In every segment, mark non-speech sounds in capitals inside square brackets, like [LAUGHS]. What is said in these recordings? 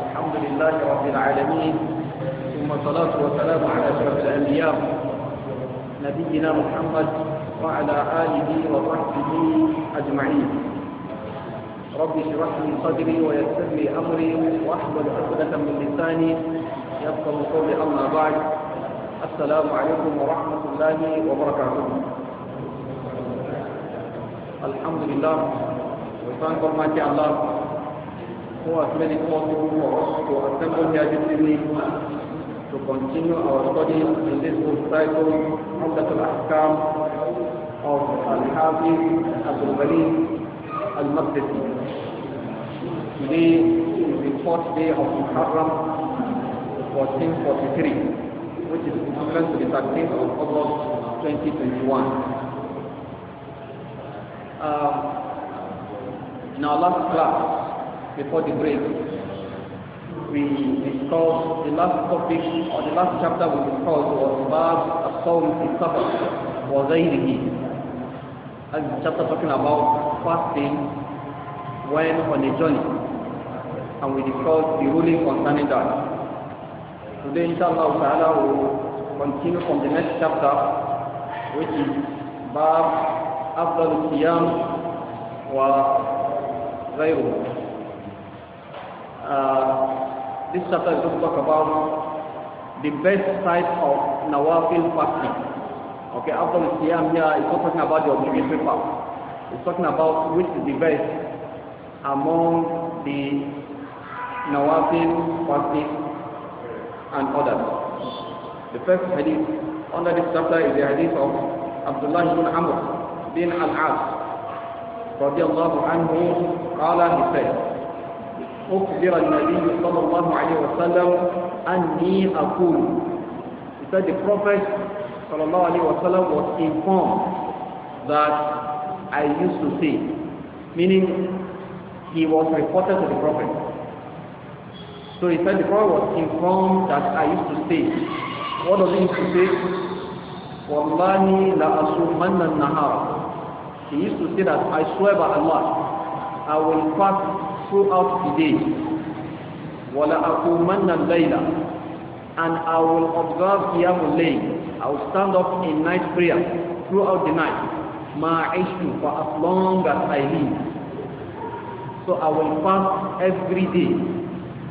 الحمد لله رب العالمين ثم الصلاة والسلام على أشرف الأنبياء نبينا محمد وعلى آله وصحبه أجمعين رب اشرح لي صدري ويسر لي أمري وأحمد عقدة من لساني يفقه قولي أما بعد السلام عليكم ورحمة الله وبركاته الحمد لله We thank Almighty Allah who has made it possible for us to assemble here this evening to continue our study in this book titled Umdatul Ahkam of Al-Hafiz Abdul Ghani Al-Maqdisi. Today is the fourth day of Muharram 1443, which is equivalent to the 13th of August 2021. Uh, um, in our last class, before the break, we discussed the last topic or the last chapter we discussed was about Asawm fi Sabr wa Zairihi. That's the chapter talking about fasting when on a journey. And we discussed the ruling concerning that. Today, inshallah, ta'ala, will continue from the next chapter, which is Bab Afdal Siyam wa غيره uh, this chapter is going to talk about the best type of nawafil fasting okay after the siyam here it's not talking about the obligatory part. it's talking about which is the best among the nawafil fasting and others the first hadith under this chapter is the hadith of Abdullah ibn Amr bin Al-As رضي الله عنه قال مثال أخبر النبي صلى الله عليه وسلم أني أقول He said the Prophet صلى الله عليه وسلم was informed that I used to say meaning he was reported to the Prophet so he said the Prophet was informed that I used to say what does he used to say? والله لأصومن النهار He used to say that, I swear by Allah, I will fast throughout the day. وَلَأَقُومَنَّ And I will observe Qiyamul Layl. I will stand up in night prayer throughout the night. مَعِشْتُ For as long as I live. So I will fast every day.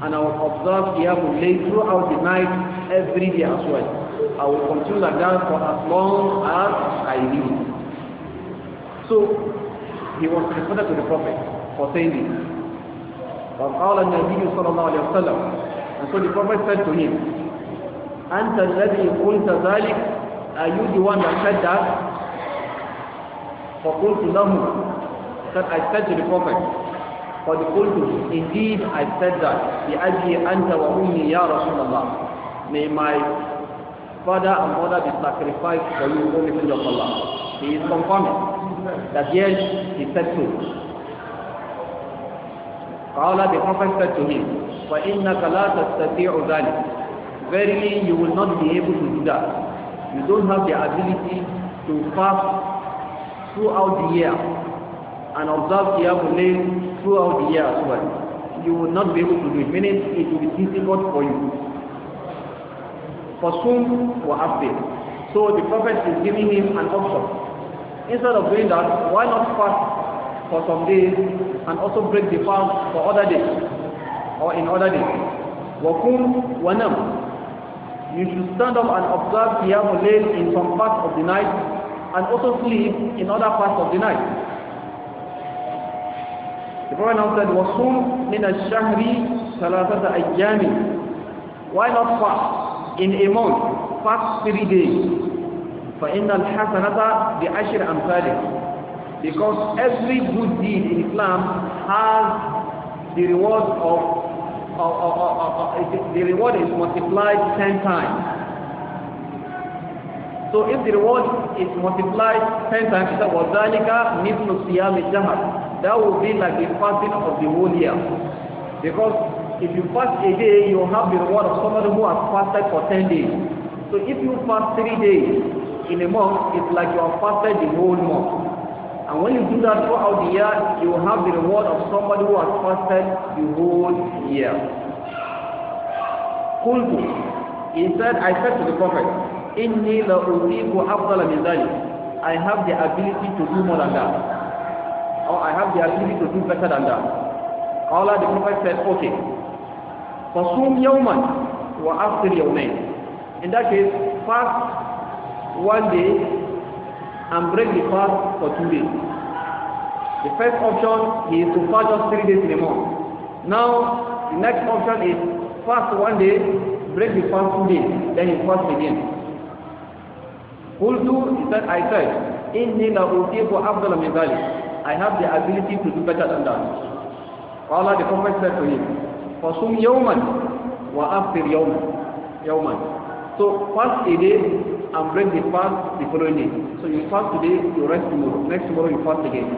And I will observe Qiyamul Layl throughout the night every day as well. I will continue like that for as long as I live. So he was referred to the Prophet for saying this. وقال النبي صلى الله عليه وسلم And so the Prophet said to him, أنت الذي قلت ذلك Are you the one that said that? فقلت له Said I said to the Prophet قد قلت Indeed I said that بأبي أنت وأمي يا رسول الله May my father and mother be sacrificed for you, O Messenger of Allah. He is confirming. that yes, he settled. قال the prophet said to him فإنك لا تستطيع ذلك verily you will not be able to do that you don't have the ability to fast throughout the year and observe Qiyamul Layl throughout the year as well you will not be able to do it meaning it will be difficult for you for soon or after so the prophet is giving him an option Instead of doing that, why not fast for some days and also break the fast for other days or in other days? Wakum wanam. You should stand up and observe Qiyamul Layl in some part of the night and also sleep in other parts of the night. The Prophet now said, min مِنَ shahri ثَلَاثَةَ أَيَّامٍ Why not fast in a month? Fast three days. فإن الحسنة بعشر أمثالها because every good deed in Islam has the reward of the reward is multiplied ten times. So if the reward is multiplied ten times, that was zalika mithlu siyam al That will be like the fasting of the whole year, because if you fast a day, you have the reward of somebody who has fasted for ten days. So if you fast three days, in a month, it's like you have fasted the whole month. And when you do that throughout the year, you will have the reward of somebody who has fasted the whole year. Kultu, he said, I said to the Prophet, Inni la utiku afdala min dhalik. I have the ability to do more than that. Or I have the ability to do better than that. Allah the Prophet said, okay. Fasum yawman wa aftir yawmain. In that case, fast one day and break the fast for two days. The first option is to fast just three days in a month. Now, the next option is fast one day, break the fast two days, then you fast again. Qultu, he said, I said, Inni la utiku afdala min dhalik. I have the ability to do better than that. Allah the Prophet said to him, "For some yawman wa after yawman. Yawman. So fast a day and break the fast the following day. So you fast today, you rest tomorrow. Next tomorrow you fast again.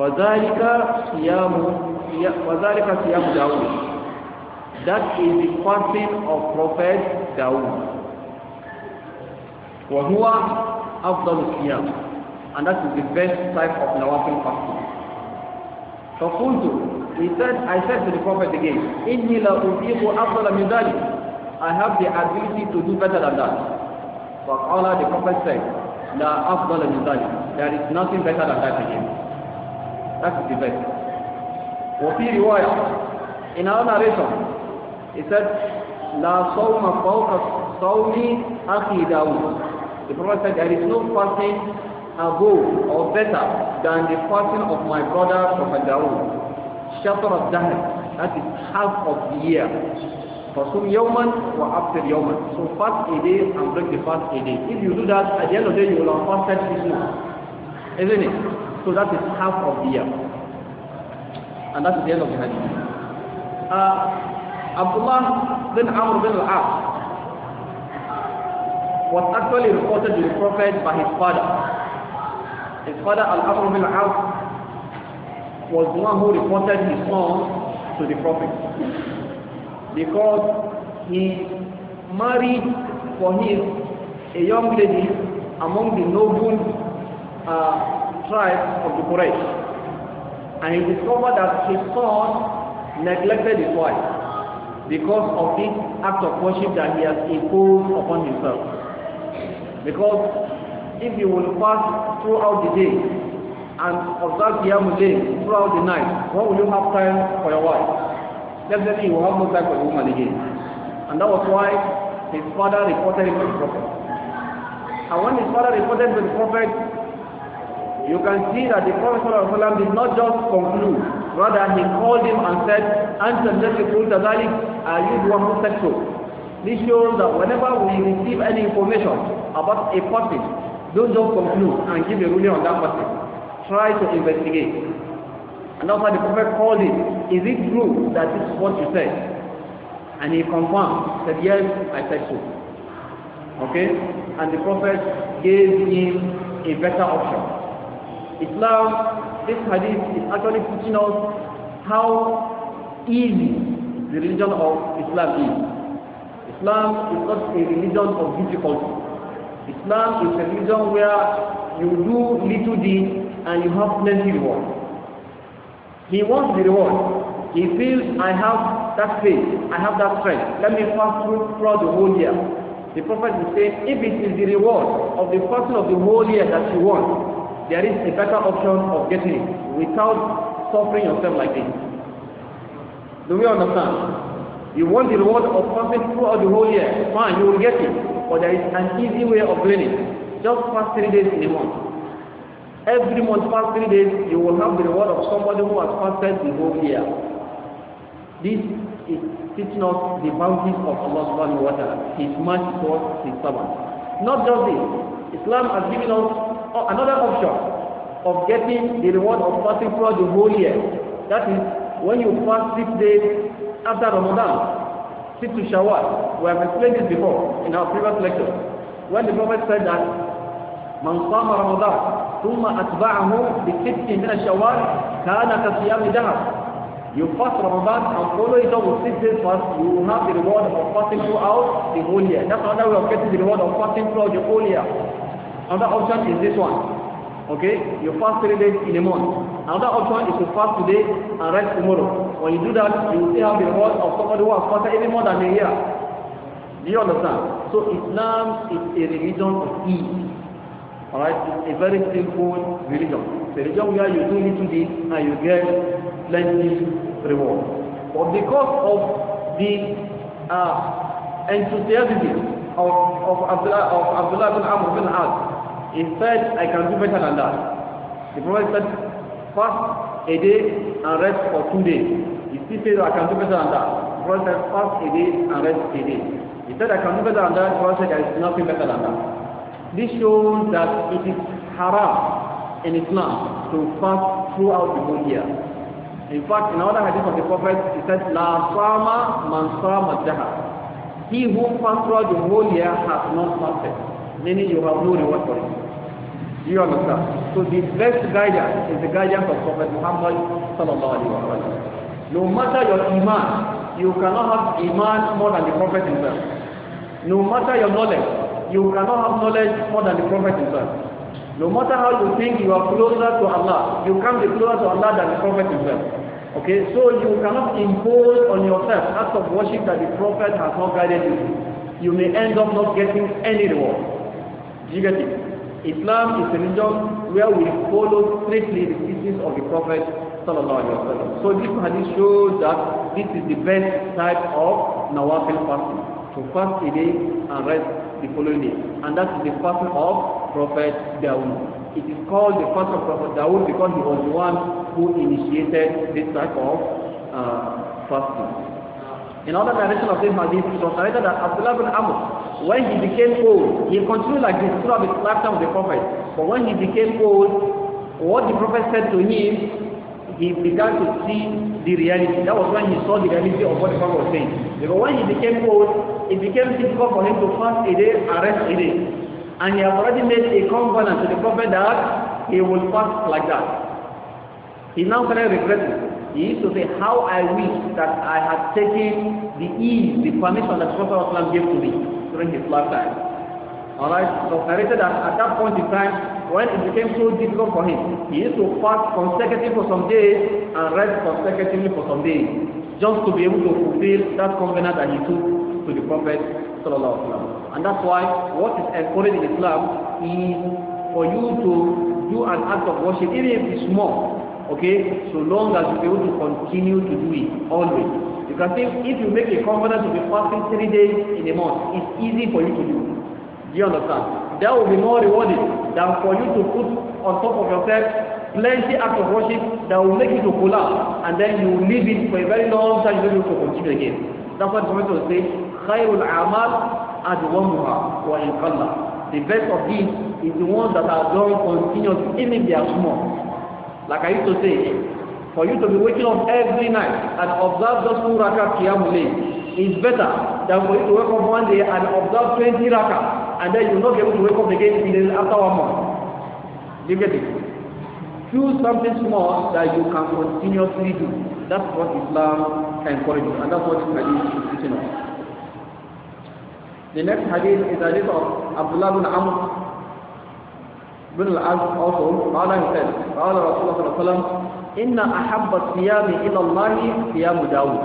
فَذَلِكَ صِيَامُ فَذَلِكَ That is the fasting of Prophet Dawood. وَهُوَ أَفْضَلُ الصِّيَامِ And that is the best type of nawafil fasting. فَقُلْتُ He said, I said to the Prophet again, إِنِّي لَأُذِيقُ أَفْضَلَ مِنْ ذَلِكَ I have the ability to do better than that. But Allah the Prophet said, La afdal There is nothing better than that again. That is the best. وفي رواية in our narration he said لا صوم فوق صوم أخي داود the Prophet said there is no fasting above or better than the fasting of my brother Prophet Dawood. Shatter of Dahr, that is half of the year. Fasum Yawman or after Yawman. So fast a day and break the fast a day. If you do that, at the end of the day, you will have fasted six months. Isn't it? So that is half of the year. And that is the end of the hadith. Uh, Abdullah bin Amr bin Al-As was actually reported to the Prophet by his father. His father Al-Amr bin Al-As was the one who reported his son to the Prophet because he married for him a young lady among the noble uh, tribes of the Quraysh. And he discovered that his son neglected his wife because of this act of worship that he has imposed upon himself. Because if you will fast throughout the day and observe the Yamudim throughout the night, when will you have time for your wife? Yesterday he will not back for the woman again. And that was why his father reported him to the prophet. And when his father reported to the prophet, you can see that the Prophet ﷺ did not just conclude. Rather, he called him and said, Answer Jalli Kulta Zalik, are you the one who said so? This shows that whenever we receive any information about a person, don't just conclude and give a ruling on that person. Try to investigate. And that's the Prophet called him, is it true that this is what you said? And he confirmed, said, yes, I said so. Okay? And the Prophet gave him a better option. Islam, this hadith is actually teaching us how easy the religion of Islam is. Islam is not a religion of difficulty. Islam is a religion where you do little deeds and you have plenty reward. He wants the reward. He feels, I have that faith, I have that strength. Let me fast through throughout the whole year. The Prophet will say, if it is the reward of the fasting of the whole year that you want, there is a better option of getting it without suffering yourself like this. Do we understand? You want the reward of fasting throughout the whole year, fine, you will get it. But there is an easy way of doing it. Just fast three days in a month. Every month, past three days, you will have the reward of somebody who has fasted the whole year. This is teaching us the bounty of Allah subhanahu wa ta'ala, His mercy towards His servants. Not just this, Islam has given us another option of getting the reward of fasting throughout the whole year. That is, when you fast six days after Ramadan, six to Shawwal. We have explained this before in our previous lecture. When the Prophet said that, Man Ramadan, ثم أتبعه بست من الشوال كان كصيام دهر You fast Ramadan and follow it up with six days fast, you will have the reward of fasting throughout the whole year. That's another way of getting the reward of fasting throughout the whole year. Another option is this one. Okay, you fast three days in a month. Another option is to fast today and rest tomorrow. When you do that, you will still have the reward of somebody who has fasted even more than a year. Do you understand? So Islam is a religion of ease. Alright, a very simple religion. The religion where you do little bit and you get plenty reward. But because of the uh, enthusiasm of, of, Abdullah, of Abdullah bin Amr bin Ad, he said, I can do better than that. The Prophet said, fast a day and rest for two days. He still said, I can do better than that. The Prophet said, fast a day and rest a day. He said, I can do better than that. The Prophet said, there is nothing better than that. This shows that it is haram in Islam to fast throughout the whole year. In fact, in another hadith of the Prophet, he said, La sama man sama jaha. He who fasts throughout the whole year has not fasted. Meaning you have no reward for it. You understand? So the best guidance is the guidance of Prophet Muhammad sallallahu alaihi wasallam. No matter your iman, you cannot have iman more than the Prophet himself. No matter your knowledge, you cannot have knowledge more than the Prophet himself. No matter how you think you are closer to Allah, you can't be closer to Allah than the Prophet himself. Okay, so you cannot impose on yourself acts of worship that the Prophet has not guided you. You may end up not getting any reward. Do you get it? Islam is a religion where we follow strictly the teachings of the Prophet so this hadith shows that this is the best type of nawafil fasting. To fast a day and rest the following day, and that is the person of Prophet Dawood. It is called the person of Prophet Dawood because he was the one who initiated this type of uh, fasting. In other narration of this hadith, it was narrated that Abdullah bin Amr, when he became old, he continued like this throughout the lifetime of the Prophet. But when he became old, what the Prophet said to him, he began to see the reality. That was when he saw the reality of what the Prophet was saying. Because when he became old, it became difficult for him to fast a day and rest a day. And he has already made a covenant to the prophet that he will fast like that. He now started regretting. He used to say, how I wish that I had taken the ease, the permission that Prophet Islam gave to me during his lifetime. Alright, so narrated that at that point in time, when it became so difficult for him, he used to fast consecutively for some days and rest consecutively for some days, just to be able to fulfill that covenant that he took to the Prophet sallallahu Alaihi Wasallam, And that's why what is encouraged in Islam is for you to do an act of worship, even if it's small, okay, so long as you're able to continue to do it always. Because can if you make a covenant to be fasting three days in a month, it's easy for you to do. Do you understand? That will be more rewarding than for you to put on top of yourself plenty acts of worship that will make you to collapse and then you leave it for a very long time you don't to continue again. That's what the Prophet was saying khairul amal adwamuha wa in qalla the best of these is the ones that are doing continuous even if they are small like I used to say for you to be waking up every night and observe just two rakat qiyamul is better than for you to wake up one day and observe 20 rakat and then you not be able to wake up again after one month you get it choose something small that you can continuously do that's what Islam encourages and that's what Islam is teaching us The next hadith is a hadith of Abdullah bin Amr bin al-Az also. Qala he said, Qala Rasulullah sallallahu alayhi wa sallam, Inna ahabba siyami ila Allahi siyamu Dawud.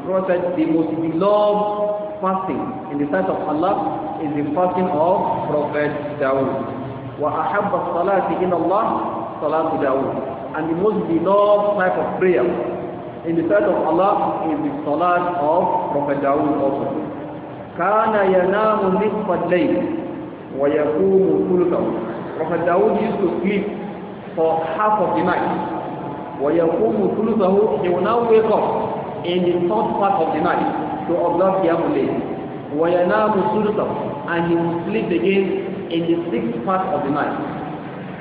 The Prophet said, the most beloved fasting in the sight of Allah is the fasting of Prophet Dawud. Wa ahabba salati ila Allah salatu Dawud. And the most beloved type of prayer in the sight of Allah is the salat of Prophet Dawud also. kana yanamu nisfa al-layl wa yaqumu thuluthahu Prophet Daud used to sleep for half of the night wa yaqumu thuluthahu he will now wake up in the third part of the night to observe Qiyamul Layl wa yanamu thuluthahu and he will sleep again in the sixth part of the night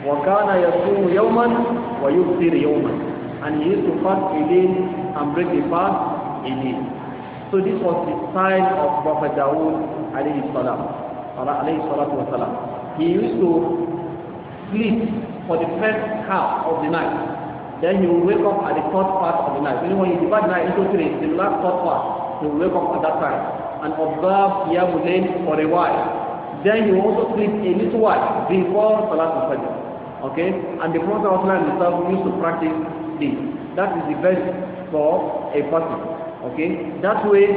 wa kana yasumu yawman wa yuftir yawman and he used to fast a day and break the fast in day So this was the sign of Prophet Dawood alayhi salam, alayhi salatu wa salam. He used to sleep for the first half of the night. Then he will wake up at the third part of the night. You know, when you divide night into three, the last third part, he will wake up at that time and observe Yamudain for a while. Then he will also sleep a little while before Salat fajr Okay? And the Prophet himself used to practice this. That is the best for a person. Okay? That way,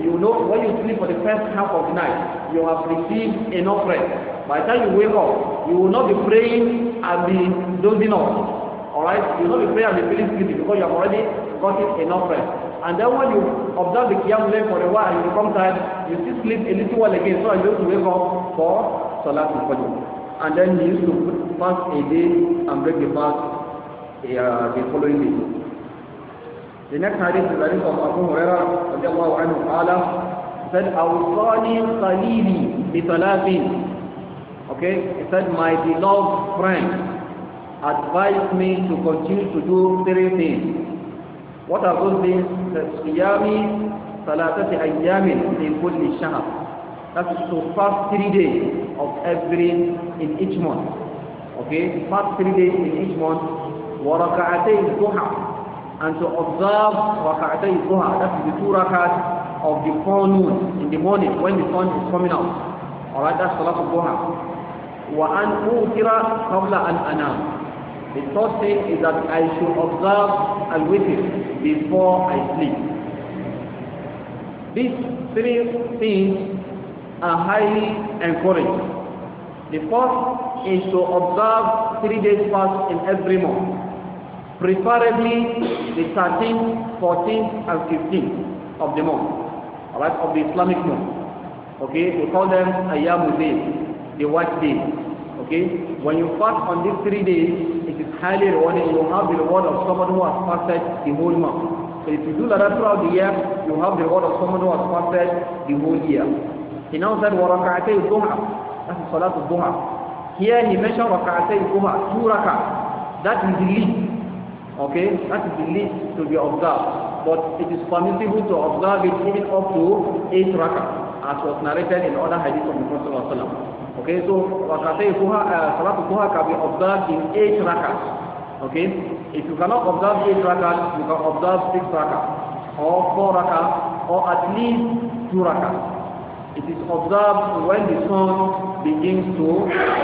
you know when you sleep for the first half of the night, you have received enough rest. By the time you wake up, you will not be praying and be dozing off. right, You will not be praying and be feeling sleepy because you have already gotten enough rest. And then when you observe the Qiyam for a while, you become tired, you still sleep a little while again so you don't wake up for Salat al-Fajr. And then you used to fast a day and break the fast uh, the following day. هناك حديث عن أبو هريرة رضي الله عنه قال said أوصاني خليلي بثلاثي okay he said my beloved friend advised me to continue to do three things what are those things صيام ثلاثة أيام من كل شهر that is to fast three days of every in each month okay fast three days in each month وركعتي duha and to observe rak'atay duha, that is the two rakat of the forenoon in the morning when the sun is coming out. Alright, that's salat duha. Wa an utira qabla an anam. The third thing is that I should observe and witr before I sleep. These three things are highly encouraged. The first is to observe three days fast in every month preferably the 13th, 14th, and 15th of the month, all right, of the Islamic month. Okay, we call them Ayyamul Day, the white day. Okay, when you fast on these three days, it is highly rewarding. You have the reward of someone who has fasted the whole month. So if you do that throughout the year, you have the reward of someone who has fasted the whole year. He now said, وَرَكَعَتَيْ الضُّحَى That's Salat al-Duha. Here he mentioned رَكَعَتَيْ الضُّحَى, two rak'ah. That is the least Okay, that is the least to be observed. But it is permissible to observe it even up to eight rakah, as was narrated in other hadith of the Prophet ﷺ. Okay, so waqatayfuha, uh, salatuha can be observed in eight rakahs. Okay, if you cannot observe eight rakahs, you can observe six rakahs, or four rakahs, or at least two rakahs. It is observed when the sun begins to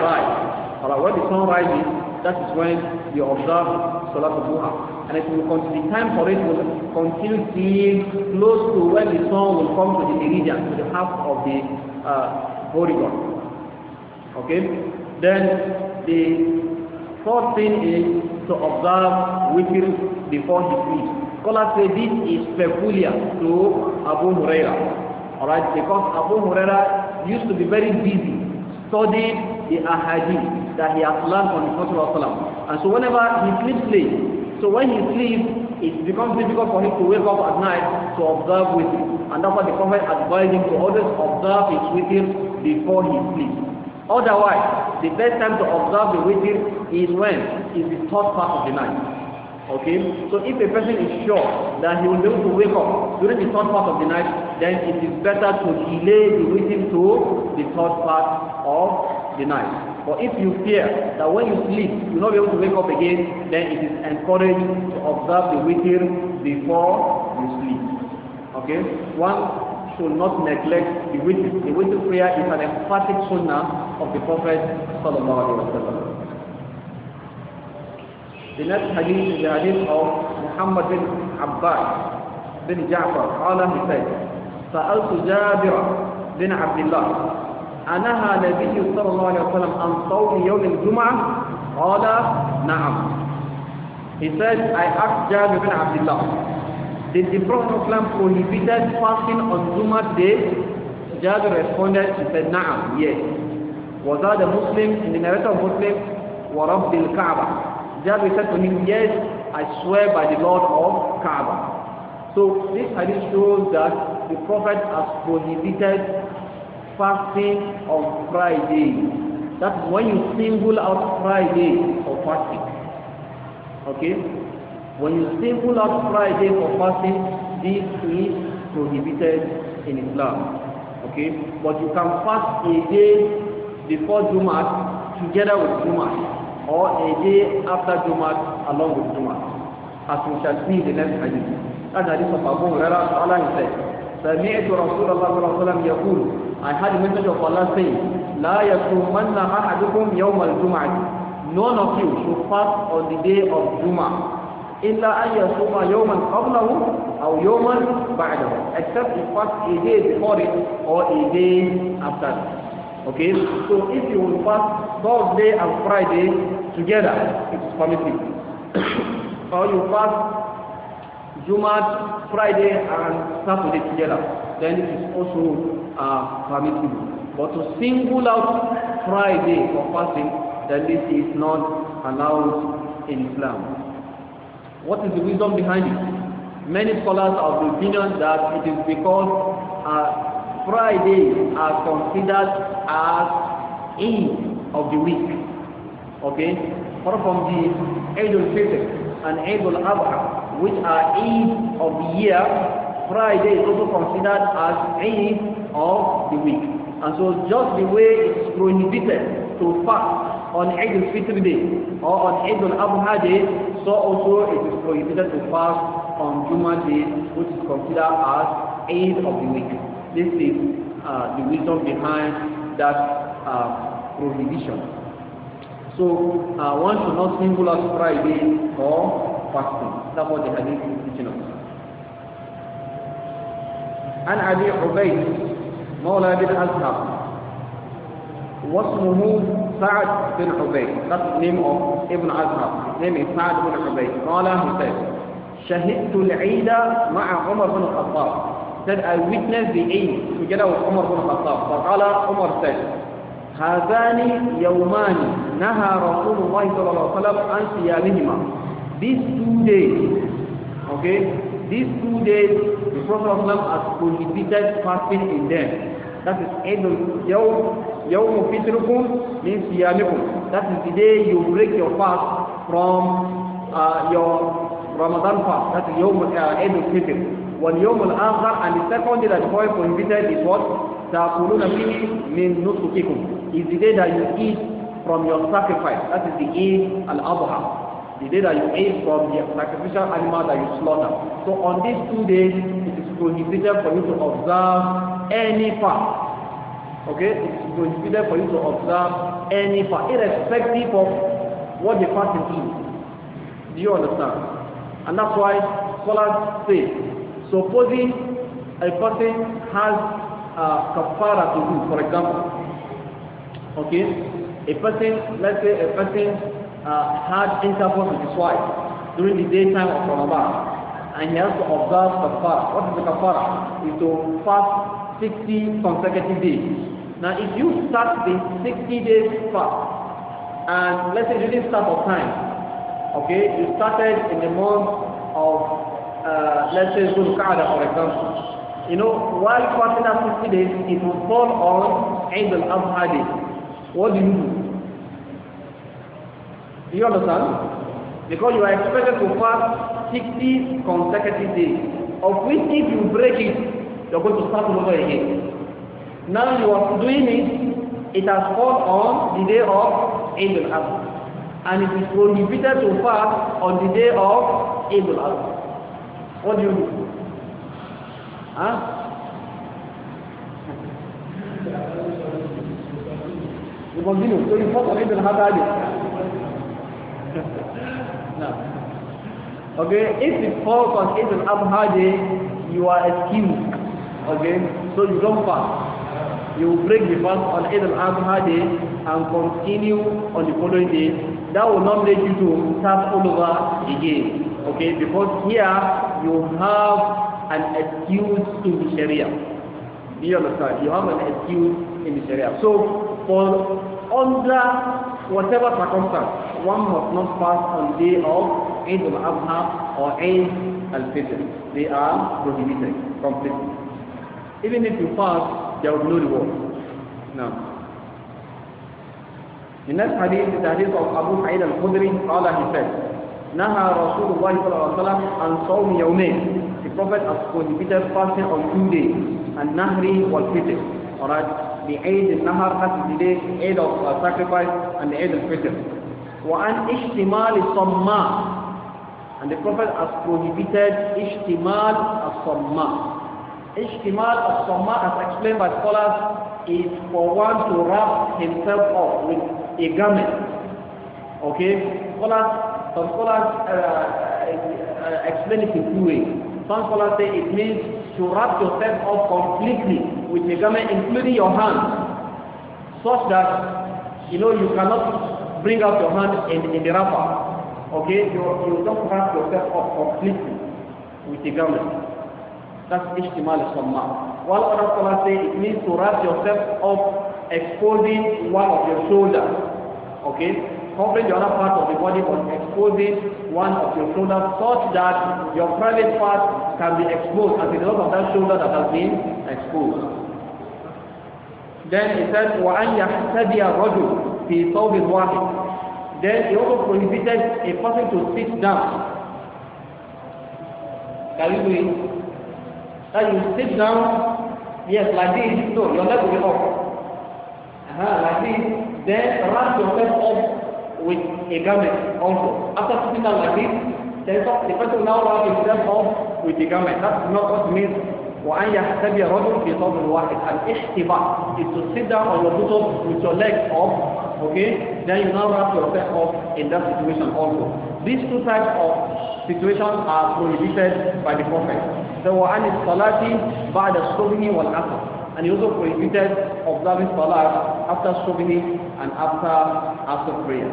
rise. Alright, when the sun rises, that is when you observe Salat al-Duha. And it will continue, the time for it will continue till close to when the sun will come to the meridian, to the half of the uh, horizon. Okay? Then the fourth thing is to observe witr before he sleeps. Scholars say this is peculiar to Abu Huraira. Alright, because Abu Huraira used to be very busy studying the ahadith that he has learned from the Prophet And so whenever he sleeps late, so when he sleeps, it becomes difficult for him to wake up at night to observe with him. And that's why the Prophet advised him to always observe his witr before he sleeps. Otherwise, the best time to observe the witr is when? Is the third part of the night. Okay? So if a person is sure that he will be able to wake up during the third part of the night, then it is better to delay the waiting to the third part of the night. But if you fear that when you sleep, you'll not be able to wake up again, then it is encouraged to observe the witr before you sleep. Okay? One should not neglect the witr. The witr prayer is an emphatic sunnah of the Prophet The next hadith is the hadith of Muhammad bin Abbas bin Ja'far. Qala he said, سألت جابر بن عبد الله أنهى النبي صلى الله عليه وسلم عن صوم يوم الجمعة قال نعم He said, I asked Jabir bin Abdullah, did the Prophet of Islam prohibited fasting on Zuma day? Jabir responded, he said, na'am, yes. Was that the Muslim, in the narrator of Muslim, وَرَبِّ الْكَعْبَةِ Jabir said to him, yes, I swear by the Lord of Kaaba. So this hadith shows that the Prophet has prohibited fasting of Friday. That's when you single out Friday for fasting. Okay? When you single out Friday for fasting, this is prohibited in Islam. Okay? But you can fast a day before Jumat together with Jumat or a day after Jumat along with Jumat as we shall see in the next hadith. That hadith of Abu Hurairah, Allah said, سمعت رسول الله صلى الله عليه وسلم يقول I had a message of Allah saying, لا yasumanna أحدكم يوم الجمعة. None of you should fast on the day of Juma. إلا an يصوم يوما قبله أو يوما بعده. Except you fast a day before it or a day after Okay? So if you will fast Thursday and Friday together, it's permitted. [COUGHS] or you fast Juma, Friday and Saturday together, then it is also are permissible. But to single out Friday for fasting, then this is not allowed in Islam. What is the reason behind it? Many scholars are of the opinion that it is because uh, Friday are considered as Eid of the week. Okay? apart from the Eid al-Fitr and Eid al-Adha, which are Eid of the year, Friday is also considered as Eid of the week. And so just the way it's prohibited to fast on Eid al-Fitr day or on Eid al-Abha day, so also it is prohibited to fast on Juma day, which is considered as Eid of the week. This is uh, the reason behind that uh, prohibition. So uh, one should not single out Friday for fasting. That's what the hadith is teaching us. عن أبي عبيد مولى بن أزهر واسمه سعد بن عبيد قد name ابن أزهر Azhar سعد بن عبيد قال حسين شهدت العيد مع عمر بن الخطاب said I witnessed the Eid عمر بن الخطاب فقال عمر سعد هذان يومان نهى رسول الله صلى الله عليه وسلم عن صيامهما these two days okay These two days, the Prophet of Islam has prohibited fasting in them. That is Eidul Yawm Yawm Fitrukum means Yamikum. That is the day you break your fast from uh, your Ramadan fast. That is Yawm uh, Eidul Fitr. واليوم الآخر and the second day that the Prophet prohibited is what تأكلون فيه من نسككم is the day that you eat from your sacrifice that is the Eid al-Adha the day that you eat from the sacrificial animal that you slaughter. So on these two days, it is prohibited for you to observe any fast. Okay? It is prohibited for you to observe any fast, irrespective of what the person is. Do you understand? And that's why scholars say, supposing a person has uh, kafara to do, for example, okay, a person, let's say a person uh, had intercourse with his wife during the daytime of Ramadan, and he has to observe kafara. What is the kafara? Is to fast 60 consecutive days. Now, if you start the 60 days fast, and let's say you didn't start on time, okay, you started in the month of, uh, let's say, Zulqa'dah, for example. You know, while fasting that 60 days, it will fall on Eid al-Adha What do you do? Do you understand? Because you are expected to fast 60 consecutive days, of which if you break it, you're going to start over again. Now you are doing it, it has fallen on the day of Eid al And it is prohibited to fast on the day of Eid al What do you do? Huh? You continue. So you fast on Eid al [LAUGHS] no. Okay, if it falls on Eid al-Adha day, you are excused. Okay, so you don't fast. You break the fast on Eid al-Adha day and continue on the following day. That will not make you to start all over again. Okay, because here you have an excuse in the Sharia. Do you understand? You have an excuse in the Sharia. So, for under whatever circumstance, one must not fast on day of Eid al-Adha or Eid al-Fitr. They are prohibited completely. Even if you fast, there will be no reward. Now, in that hadith the hadith of Abu Sa'id al-Khudri, Allah he said, نهى رسول الله صلى الله عليه وسلم عن صوم يومين. The Prophet has prohibited fasting on two days, and Nahri was fitr. Alright, the Eid al-Nahar has the day, Eid of uh, sacrifice, and the Eid al-Fitr. وعن اشتمال الصماء and the prophet has prohibited اشتمال الصماء اشتمال الصماء as explained by scholars is for one to wrap himself up with a garment okay scholars some scholars uh, uh, explain it in two ways some scholars say it means to wrap yourself up completely with a garment including your hands such that you know you cannot bring out your hand in, in the wrapper. Okay, you, you don't wrap yourself up completely with the garment. That's ishtimal shamma. While other scholars say it means to wrap yourself up exposing one of your shoulders. Okay, covering the other part of the body but exposing one of your shoulders such that your private part can be exposed as a result of that shoulder that has been exposed. Then it says, وَأَنْ يَحْتَدِيَ الرَّجُلُ في صوب واحد then he also prohibited a person to sit down can you do it that you sit down yes like this no your leg will be up uh -huh, like this then wrap your leg up with a garment also after sitting down like this then the person now wrap himself up with a garment that's not what means وأن يحتبي رجل في ثوب واحد الاحتباء is to sit down on your bottom with your leg up Okay? Then you now wrap yourself up in that situation also. These two types of situations are prohibited by the Prophet. So وَعَنِ الصَّلَاةِ بَعْدَ الصُّبْحِ وَالْعَصْرِ And he also prohibited observing salah after subh and after after prayer.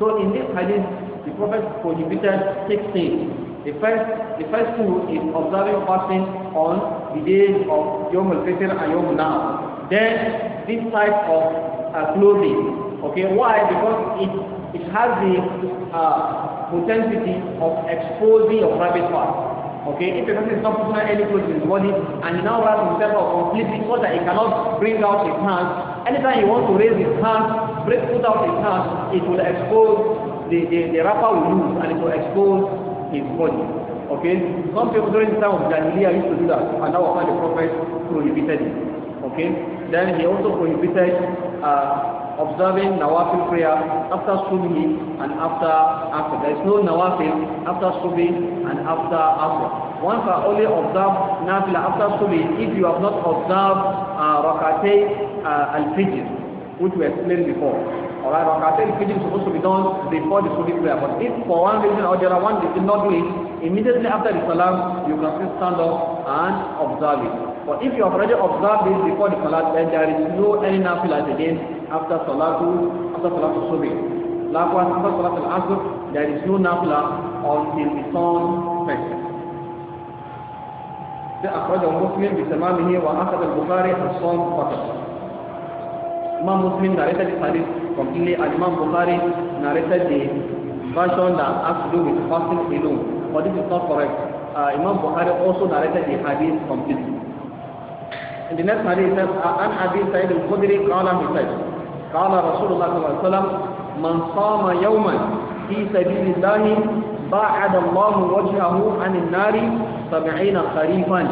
So in this hadith, the Prophet prohibited six things. The first, the first two is observing fasting on the days of Yom al-Fitr and Yom al-Nahr. Then this type of uh, clothing. Okay, why? Because it, it has the uh, propensity of exposing your private part. Okay, if a person is not putting any clothes in his body and he now wraps himself up completely so that he cannot bring out his hands, anytime he wants to raise his hands, break, put out his hands, it will expose, the, the, the wrapper will lose and it will expose his body. Okay, some people during the time of Jahiliyyah used to do that and now the Prophet prohibited it. Okay? Then he also prohibited uh, observing Nawafil prayer after Subhi and after after. There is no Nawafil after Subhi and after after. One can only observe Nafila after Subhi if you have not observed uh, Rakatay uh, Al-Fijr, which we explained before. Alright, Rakaat al-Fajr is supposed to be done before the Sunnah prayer. But if for one reason or the other one they did not do it, immediately after the Salam, you can still stand up and observe it. But if you have already observed this before the Salat, then there is no any nafilat again after Salatu, after Salatu Subhi. Likewise, after Salat al-Asr, there is no nafilah until the sun sets. ده أخرجه مسلم بتمامه وأخذ البخاري الصوم فقط. ما مسلم ده ليس الحديث completely Imam Bukhari narrated the version that has to do with fasting alone. But this is not correct. Uh, Imam Bukhari also narrated the hadith completely. In the next hadith, says, An Abi Sa'id al-Khudri qala misaj. Qala Rasulullah sallallahu alaihi wasallam, Man sama yawman fi sabilillah ba'ad Allah wajhahu an an-nar 70 kharifan.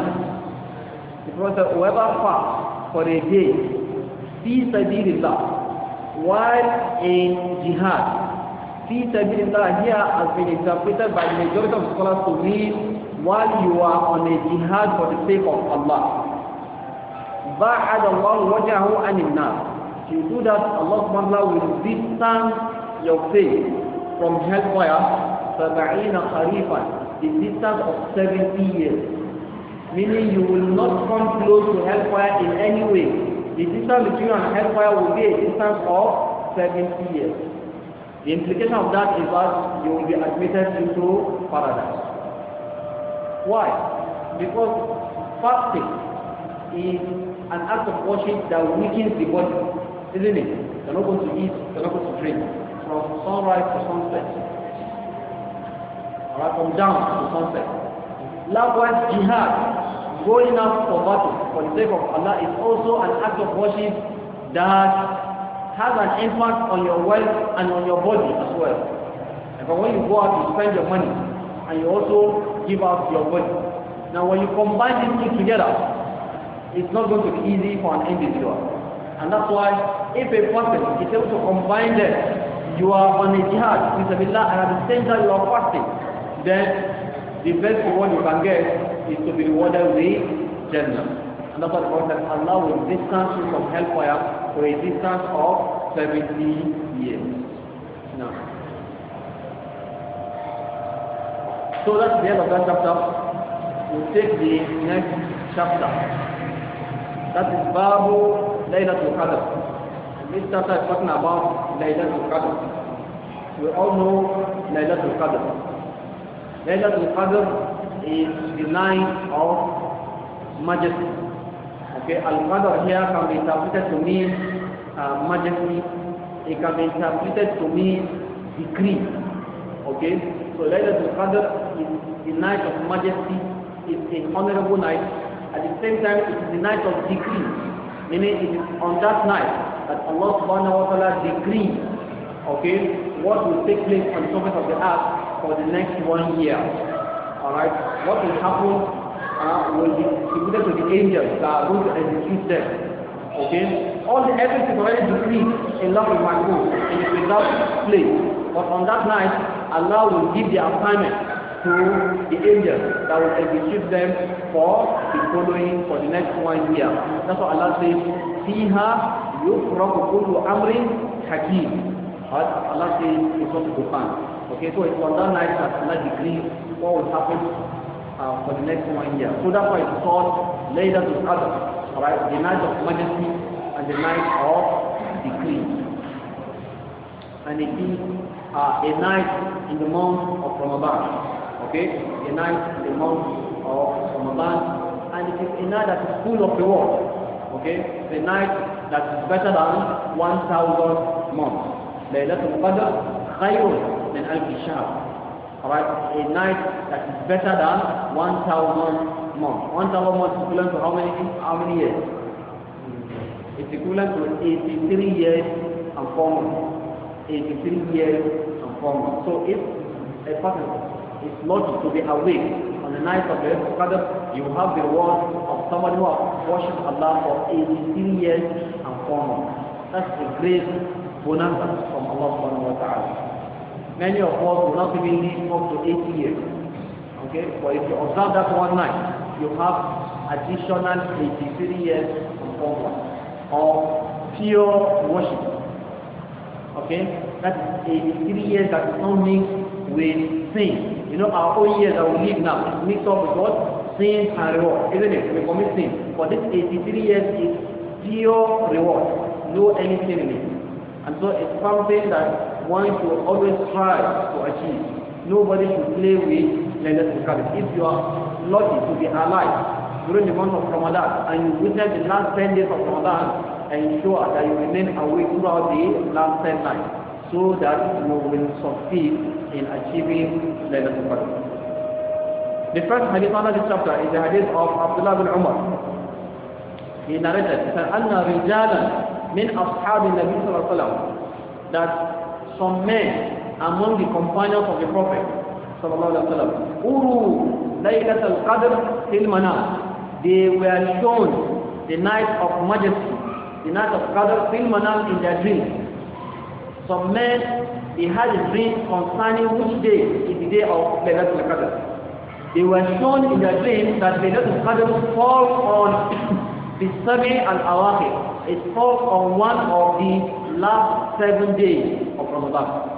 The Prophet whoever fasts for a day fi sabilillah while in jihad. Fi sabilillah here has been interpreted by the majority of scholars to mean while you are on a jihad for the sake of Allah. بعد الله وجهه عن الناس. If you do that, Allah subhanahu will distance your faith from hellfire سبعين خريفا the distance of 70 years meaning you will not come close to hellfire in any way the distance between you hellfire will be a distance of 70 years. The implication of that is that you will be admitted into paradise. Why? Because fasting is an act of worship that weakens the body, isn't it? You're not going to eat, you're not going to drink. From sunrise to sunset. Alright, from down to sunset. Likewise, jihad going out for battle for the sake of Allah is also an act of worship that has an impact on your wealth and on your body as well. And when you go out, you spend your money and you also give out your body. Now when you combine these two together, it's not going to be easy for an individual. And that's why if a person is able to combine that, you are on a jihad, and at the same time you are fasting, then the best reward you can get is to be rewarded with Jannah. Another point that Allah will distance you from hellfire for a distance of 70 years. Now, so that's the end of that chapter. We'll take the next chapter. That is Babu Laylatul Qadr. This chapter is talking about Laylatul Qadr. We all know Laylatul Qadr. Laylatul Qadr is the line of majesty. Okay, Al-Qadr here can be interpreted to mean uh, majesty. It can be interpreted to mean decree. Okay, so al Qadr is the night of majesty. It's an honorable night. At the same time, it is the night of decree. Meaning it is on that night that Allah subhanahu wa ta'ala decrees okay, what will take place on the surface of the earth for the next one year. Alright? What will happen uh, will be submitted to the angels that are going to execute them. Okay? All the evidence is already decreed in love with my book and it's without place. But on that night, Allah will give the assignment to the angels that will execute them for the following, for the next one year. That's what Allah says, فِيهَا يُفْرَقُ amrin أَمْرٍ حَكِيمٍ Allah says in Surah Al-Quran. Okay, so it's on that night that Allah decrees what will happen uh, for the next one year. So that's why it's called Laylatul Qadr, right? The night of majesty and the night of decree. And it is uh, a night in the month of Ramadan, okay? A night in the month of Ramadan, and it is a night that is full of reward, okay? The night that is better than 1,000 months. Laylatul Qadr خير من al شهر Alright, a night that is better than 1,000 months. 1,000 months is equivalent to how many, how many years? It's equivalent to 83 years and 4 months. 83 years and 4 months. So if a person is lucky to be awake on the night of the Qadr, you have the reward of somebody who has worshipped Allah for 83 years and 4 months. That's a great bonanza from Allah subhanahu wa ta'ala. Many of us will not even live up to 80 years. Okay? But if you observe that one night, you have additional 83 years of pure worship. Okay? That's 83 years that is not mixed with sin. You know, our own years that we live now is mixed up with what? Sin and reward, isn't it? We commit sin. But this 83 years is pure reward, no anything in it. And so it's something that one should always try to achieve. Nobody should play with Laylatul like If you are lucky to be alive during the month of Ramadan and you witness the last 10 days of Ramadan, ensure that you remain awake throughout the last 10 nights so that you will succeed in achieving Laylatul Qadr. The first hadith under this chapter is the hadith of Abdullah bin Umar. He narrated, أَنَّ رِجَالًا min ashabi Nabi the alaihi that some men among the companions of the Prophet sallallahu alaihi wasallam uru laylat al-qadr fil manam they were shown the night of majesty the night of qadr fil manam in their dream some men they had a dream concerning which day is the day of laylat al-qadr they were shown in their dream that laylat al-qadr falls on [COUGHS] the seven al-awaqir it falls on one of the last seven days of Ramadan.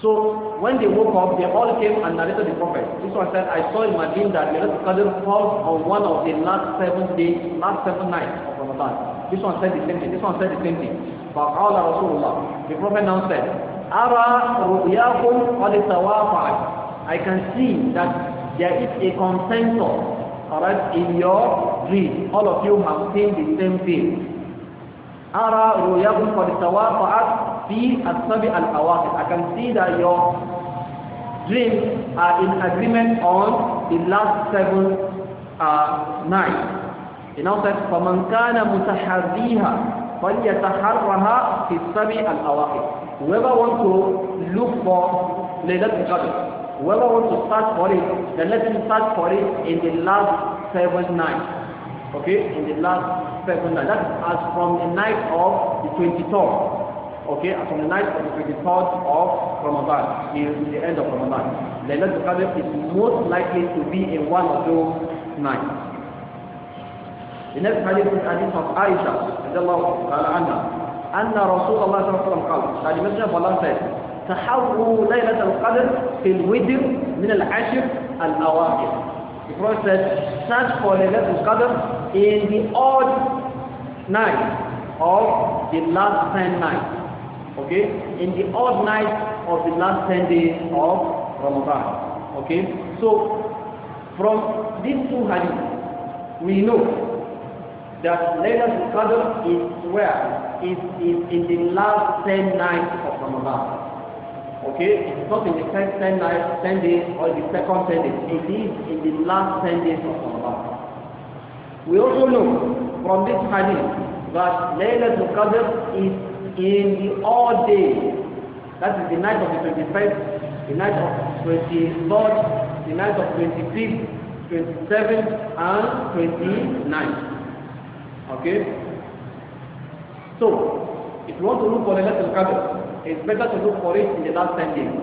So when they woke up, they all came and narrated the prophet. This one said, I saw in my dream that Laylatul Qadr falls on one of the last seven days, last seven nights of Ramadan. This one said the same thing. This one said the same thing. But Allah Rasulullah, the prophet now said, Ara ru'yakum qad tawafa'at. I can see that there is a consensus alright in your dream all of you have seen the same thing ara ruyakum qad tawaqa'at fi asabi al-awaqit I can see that your dreams are in agreement on the last seven uh, nights he now says فَمَنْ كَانَ مُتَحَرِّيهَا فَلْيَتَحَرَّهَا فِي السَّبِعِ الْأَوَاخِرِ whoever wants to look for Laylatul Qadr Whoever wants to start for it, then let him start for it in the last seven nights. Okay, in the last seven nights. That's as from the night of the 23rd. Okay, as from the night of the 23rd of Ramadan, till the end of Ramadan. the Qadr is most likely to be in one of those nights. The next hadith is hadith of Aisha, radiallahu ta'ala anha. أن رسول الله صلى الله عليه that the Messenger of Allah said, تحروا ليلة القدر في الوتر من العشر الأواخر The Prophet said, search for Laylatul Qadr in the odd night of the last 10 nights. Okay? In the odd night of the last 10 days of Ramadan. Okay? So, from these two hadiths, we know that Laylatul Qadr is where? It is in the last 10 nights of Ramadan. Okay? It is not in the first 10, night, 10 days or the second 10 days. It is in the last 10 days of Ramadan. We also know from this hadith that Laylatul Qadr is in the all day. That is the night of the 25th, the night of 23rd, the night of 25th, 27th, and 29th. Okay? So, if you want to look for Laylatul Qadr, It's better to look for it in the last 10 days.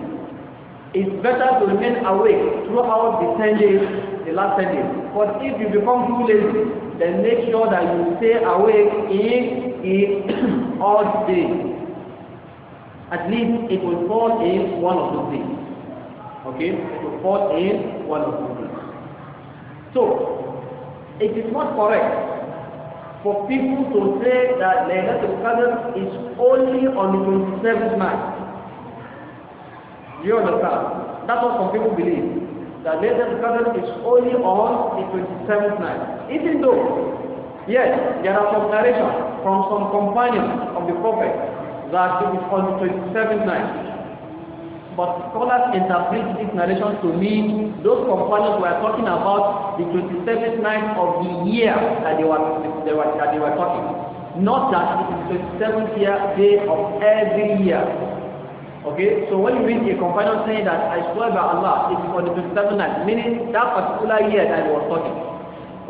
It's better to remain awake throughout the 10 days, the last 10 days. But if you become too lazy, then make sure that you stay awake in it [CLEARS THROAT] all day. At least it will fall in one of those days. Okay? It will fall in one of those days. So, it is not correct for people to say that Laylatul Qadr is only on the 27th night. You understand? That's what some people believe. That Laylatul Qadr is only on the 27th night. Even though, yes, there are some narrations from some companions of the Prophet that it is on the 27th night. But scholars interpret this narration to mean those companions were talking about the 27th night of the year that they were, they were, that they were talking. Not that it is the 27th year, day of every year. Okay, so when you read a companion saying that I swear by Allah, it is on the 27th night, meaning that particular year that they were talking.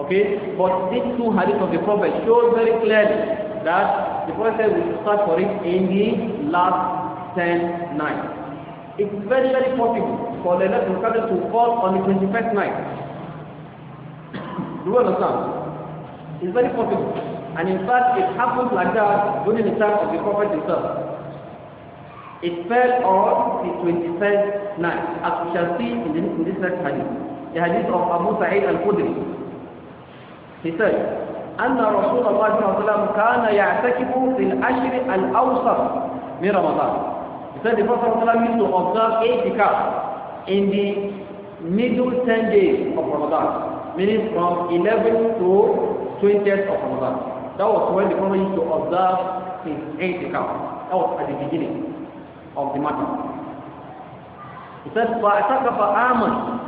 Okay, but these two hadith of the Prophet shows very clearly that the Prophet said we should start for it in the last 10 nights. it's very, very possible for the Laylatul Qadr to fall on the 21st night. Do you understand? It's very possible. And in fact, it happened like that during the time of the Prophet himself. It fell on the 21st night, as we shall see in, the, in this next hadith. The hadith of Abu Sa'id al qudri He said, أن رسول الله صلى الله عليه وسلم كان يعتكف في العشر الأوسط من رمضان said the Prophet used to observe Etikaf in the middle 10 days of Ramadan, meaning from 11 to 20th of Ramadan. That was when the Prophet used to observe his Etikaf. That was at the beginning of the matter. He said, فَأَتَكَفَ آمَنْ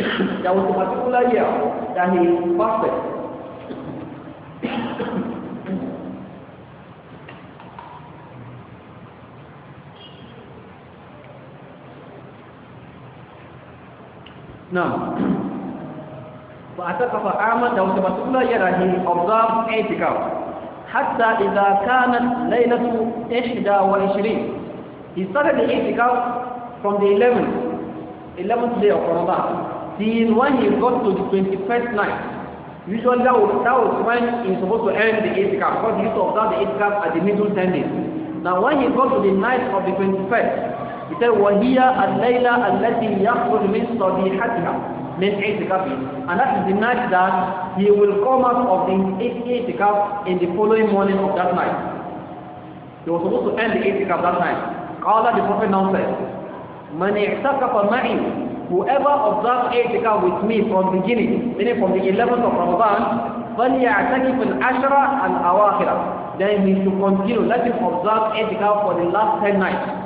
[COUGHS] There was a particular year that he fasted. Now, فأعتكف عاما وسبعة لا يراه أبضاب اعتكاف حتى إذا كانت ليلة إحدى وعشرين He started the i'tikaf from the 11th, 11th day of Ramadan till when he got to the 21st night. Usually that was, that was when he's supposed to end the i'tikaf because he used to observe the i'tikaf at the middle 10 days. Now when he got to the night of the 21st, ìtẹ́ wọ̀híyá àlẹ́lá àlẹ́tì yàkùn mi sọ̀dí hàtìhà ní ìtìkáfì and that is the night will come out of the ìtìkáf in the following morning of that night he was supposed to end the ìtìkáf that night kọ́lá the prophet now said mani ìtàkàfà whoever observes ìtìkáf with me from beginning meaning from the 11th of Ramadan فليعتكف العشرة الأواخر then he should continue let him observe ìtìkáf for the last 10 nights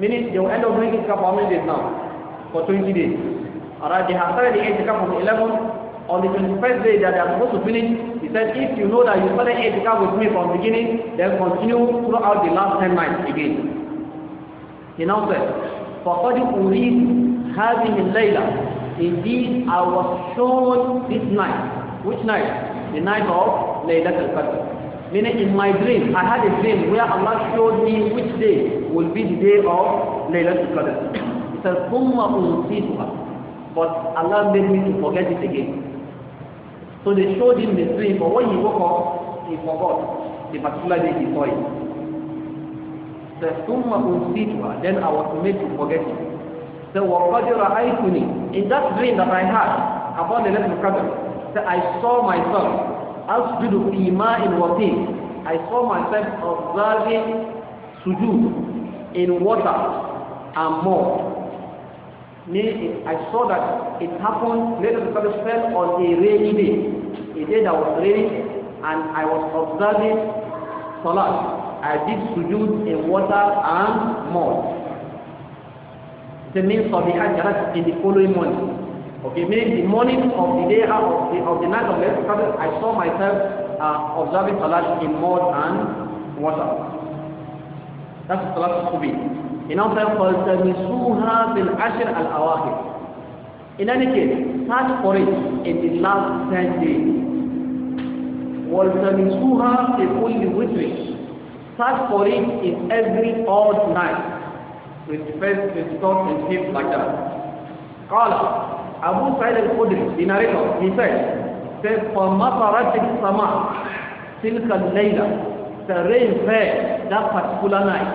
meaning they will end up doing itikaf for how many days now? For 20 days. Alright, they have started the itikaf from 11. th On the 21st day that they are supposed to finish, he said, if you know that you started itikaf with me from the beginning, then continue throughout the last 10 nights again. He now said, فَقَدْ أُرِيدُ هَذِهِ اللَّيْلَةِ Indeed, I was shown this night. Which night? The night of Laylatul Qadr. Meaning in my dream, I had a dream where Allah showed me which day will be the day of Laylatul Qadr. He says, ثُمَّ أُنْسِيتُهَا But Allah made me to forget it again. So they showed him the dream, but when he woke up, he forgot the particular day he saw it. So ثُمَّ أُنْسِيتُهَا Then I was made to forget it. So وَقَدْ رَأَيْتُنِي In that dream that I had about the Laylatul Qadr, so I saw myself asjudu fi ma'in watin I saw myself observing sujood in water and mud. I saw that it happened, later the service fell on a rainy day, a day that was raining, and I was observing Salat. I did sujood in water and mud. The means of the Hajj in the following morning. Okay, meaning the morning of the day of the, of the night of Lailatul Qadr, I saw myself uh, observing Salat in mud and water. That's Salat Subi. In other words, فَالْتَمِسُوهَا بِالْعَشْرِ الْأَوَاخِرِ In any case, search for it in the last 10 days. وَالْتَمِسُوهَا فِي كُلِّ وِتْرٍ Search for it in every odd night. With first, with thought, and fifth, like that. قَالَ Abu Sa'id al-Khudri, the narrator, he said, says, فَمَطَرَتِ السَّمَاء تِلْكَ اللَّيْلَ The rain fell that particular night.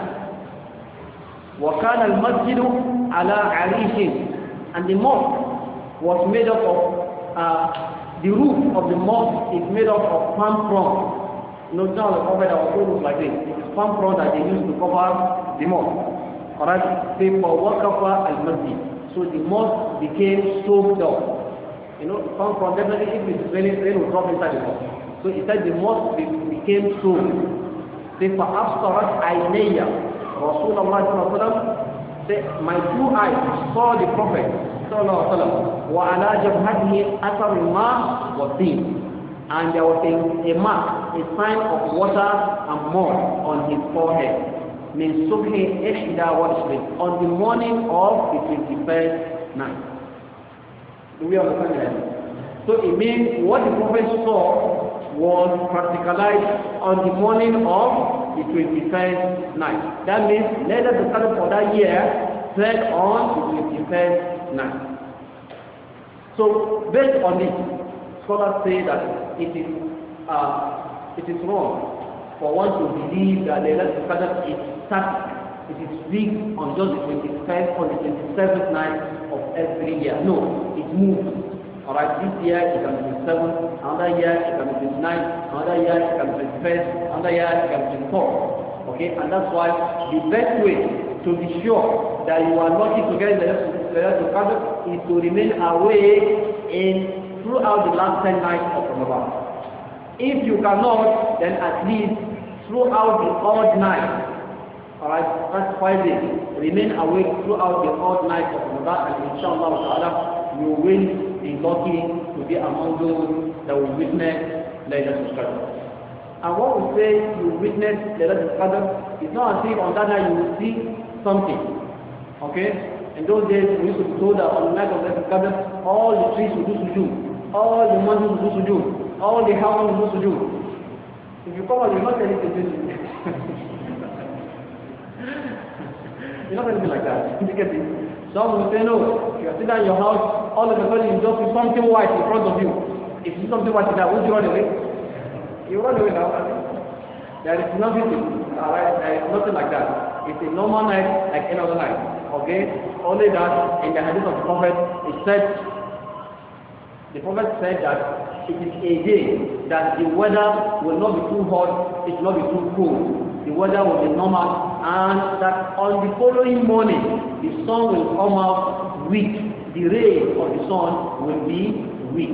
وَكَانَ الْمَسْجِدُ عَلَى عَرِيشٍ And the mosque was made up of, uh, the roof of the mosque is made up of palm fronds. No doubt now the prophet our own like this. It's palm fronds that they used to cover the mosque. Alright, say, for فَوَقَفَ الْمَسْجِدُ So the mosque became soaked up. You know, come from definitely if it's raining, rain will drop inside the mosque. So he said the mosque became soaked. Say, فَأَبْصَرَتْ عَيْنَيَّ رَسُولَ اللَّهِ صلى Sallallahu Alaihi Wasallam. Say, my two eyes saw the Prophet صلى الله عليه وسلم وَعَلَى جَبْهَتِهِ أَثَرُ الْمَاءِ وَالدِّينَ And there was a, a mark, a sign of water and mud on his forehead. min subhi ihda on the morning of the 21st night. Do we understand that? So it means what the prophet saw was practicalized on the morning of the 21st night. That means later the calendar for that year fell on the 21st night. So based on this, scholars say that it is uh, it is wrong for one to believe that the Qadr is it is fixed on just the 25th or the 27th night of every year. No, it moves. Alright, this year it can be 27, another year it can be 29, another year it can be 21st, another year it can be Okay, and that's why the best way to be sure that you are not to get the Qadr is to remain awake in throughout the last 10 nights of Ramadan. If you cannot, then at least throughout the odd night Alright, that's why they remain awake throughout the whole night of Ramadan and inshallah ta'ala you will be lucky to be among those that will witness Laylatul Qadr. And what we say you witness Laylatul Qadr is not as if on that night you will see something. Okay? In those days we used to be told that on the night of Laylatul Qadr all the trees will do sujood, all the mountains will do sujood, all the heavens will do sujood. If you come out, you will not anything. [LAUGHS] You're [LAUGHS] not going to be like that. You get it? Some will say, no, You are sitting in your house, all of a sudden you just see something white in front of you. If you see something white in that, would you run away? You run away now. There is nothing to alright, there is nothing like that. It's a normal night like any other night. Okay? Only that in the hadith of the Prophet it said the Prophet said that it is a day that the weather will not be too hot, it will not be too cold the weather will be normal and that on the following morning the sun will come out weak the ray of the sun will be weak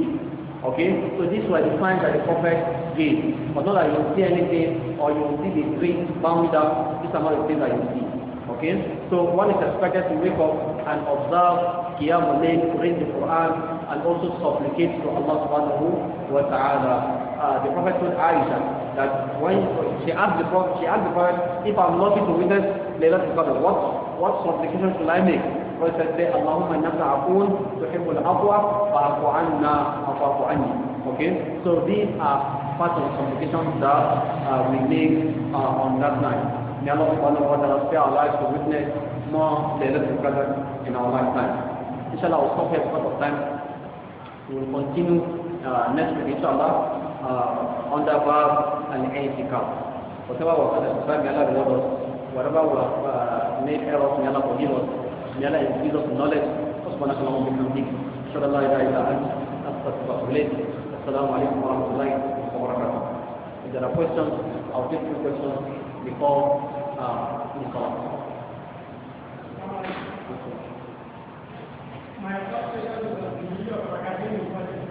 okay so this were the signs that the prophet gave but not that you see anything or you see the tree bound down these are not the things that you see okay so one is expected to wake up and observe qiyam al read the quran and also supplicate to allah subhanahu wa ta'ala uh, the Prophet told Aisha that when she asked the Prophet, she asked the Prophet, if I'm lucky to witness may Laylatul Qadr, what what supplication should I make? Prophet said, say, Allahumma innaka afun tuhibbul afwa fa'fu anna afafu anni. Okay, so these are part of the supplications that uh, we make uh, on that night. May Allah subhanahu wa ta'ala spare our lives to witness more Laylatul Qadr in our lifetime. Inshallah, we'll stop here because of time. We will continue uh, next week, inshallah uh, under verb and anti Whatever was said, may Allah reward Whatever was uh, made errors, may Allah forgive us. knowledge. Allah increase us in knowledge. سبحانك اللهم وبحمدك أشهد أن لا إله إلا أنت أستغفرك وأتوب إليك السلام عليكم ورحمة الله وبركاته If there are questions, I'll take two questions before uh, we call. My first question is of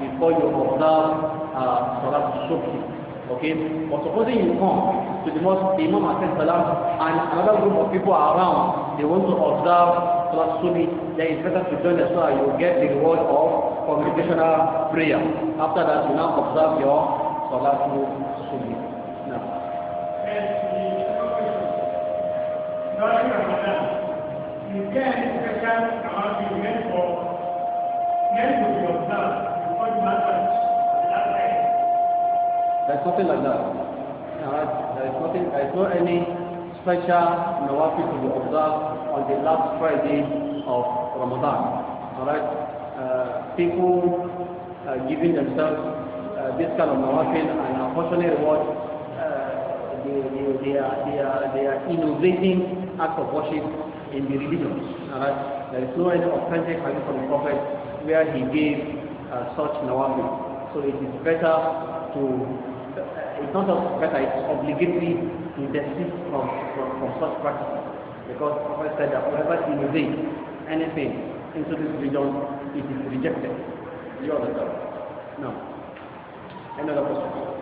before you observe uh, Salat Shukri. Okay? But supposing you come to the mosque, the Imam has Salam, and another group of people are around, they want to observe Salat Shukri, then it's better to join the Salah, you get the reward of congregational prayer. After that, you now observe your Salat Shukri. Now. During Ramadan, you can special amount meant for, men to be observed. There's nothing like that. There is nothing. There is no any special nawafi to be observed on the last Friday of Ramadan. All right. Uh, people uh, giving themselves uh, this kind of nawafi and unfortunately uh, what they, they, are, they, are, they are innovating acts of worship in the religion. All right. There is no any authentic hadith from the Prophet where he gave uh, such nawafil. So it is better to, uh, it's not better, it's obligatory to desist from, from, from such practices. Because Prophet said that whoever innovates anything into this region, it is rejected. You understand? No. Another question.